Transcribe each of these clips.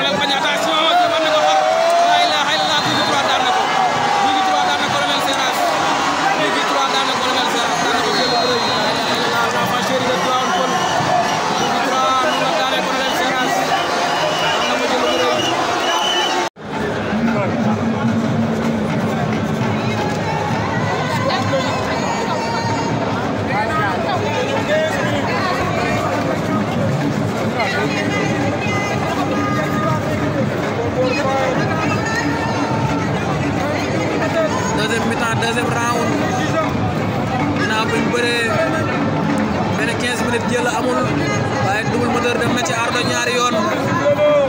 problème bañ a deuxième mi bi ñu bëree benn 15 minutes jël amul waaye double moteur dem na ci ardo ñaari yoon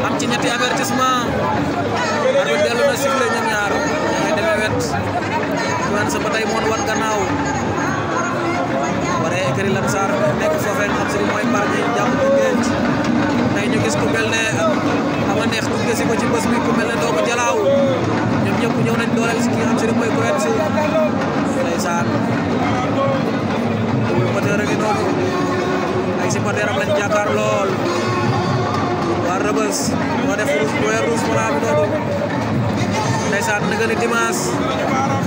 am ci ñetti avertissement ardo dellu na sifflé ñoom ñaar ñaari demee wet Johan Sapa tey moon wan gannaaw supporter am lañ jàkkaar lool waa Rebeuss moo def rouge moo yor rouge mën a am noonu ndeysaan nëgëli dimanche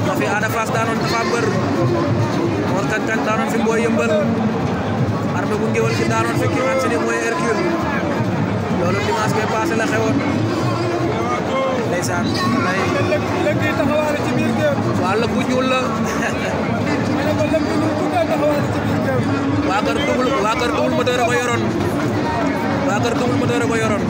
moo fi Ada Fass daanoon Tapha Mbeur Mor Kañ Kañ daanoon fi Boy Yeumbeul armée bu ngéwal gi daanoon fi ki nga xam mooy Hercule loolu dimanche bee passé la xewoon ndeysaan lay léegi taxawaale ci bu ñuul la waa kër double waa kër double moteur a ko yoroon waa kër double moteur a ko yoroon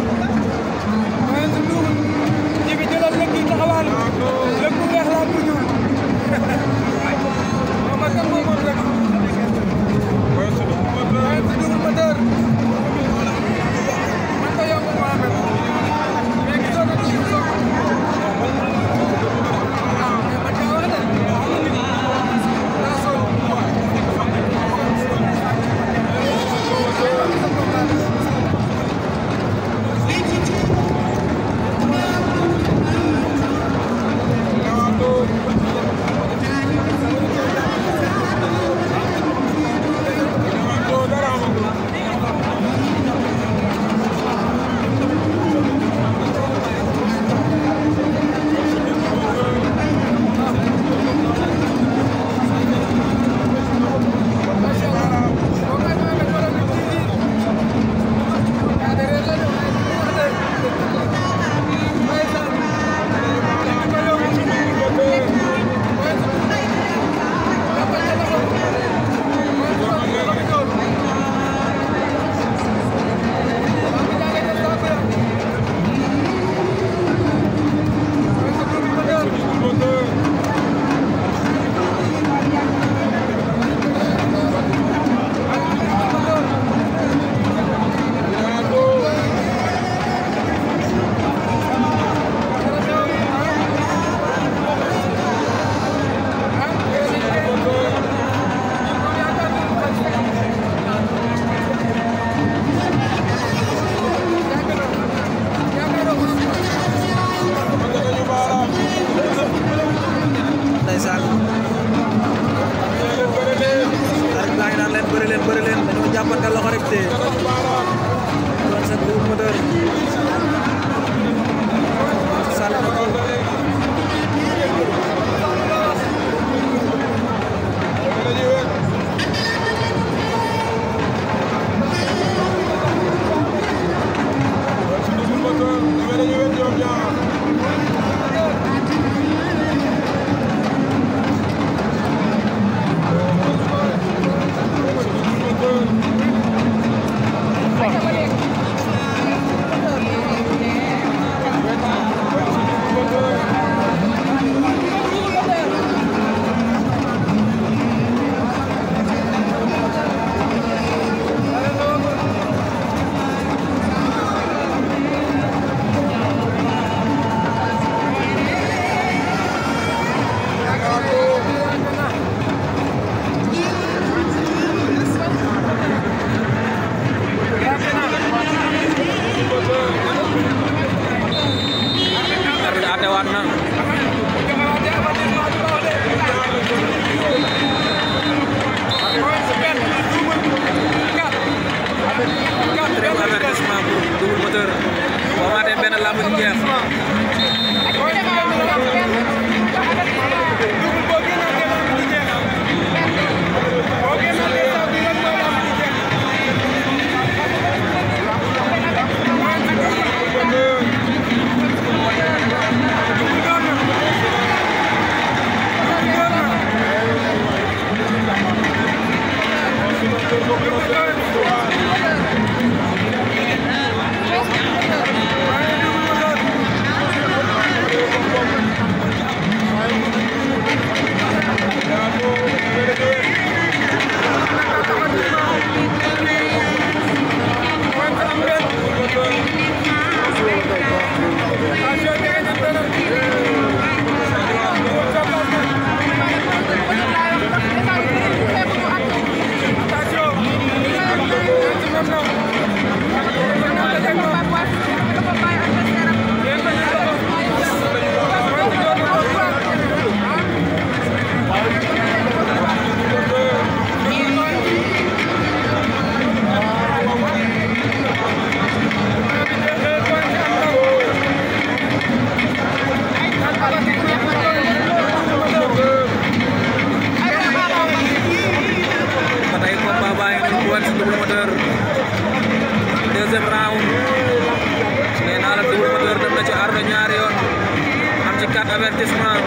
avertissement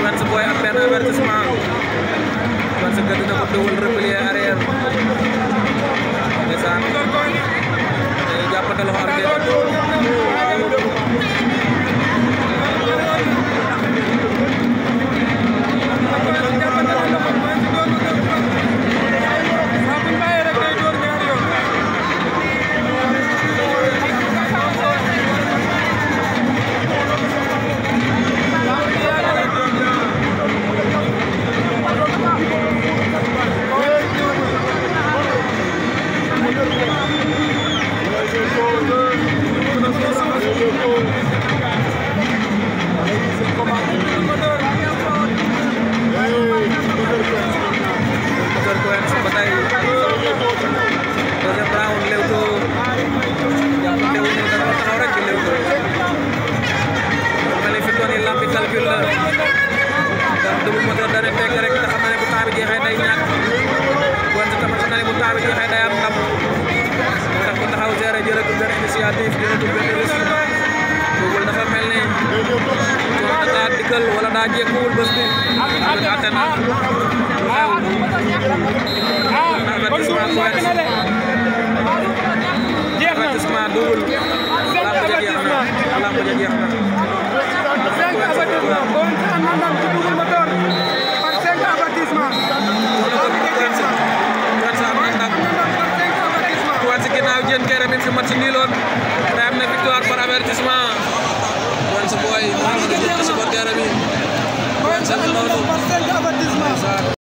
Quench Boy am benn avertissement Quench gëdd na ko dëwal replier arrière ndeysaan day jàppante loxo arbitre daa dikkal wala daa jékkuwul bés bi atte na avertissement avertissement double lamb ja jeex na lamb ja jeex na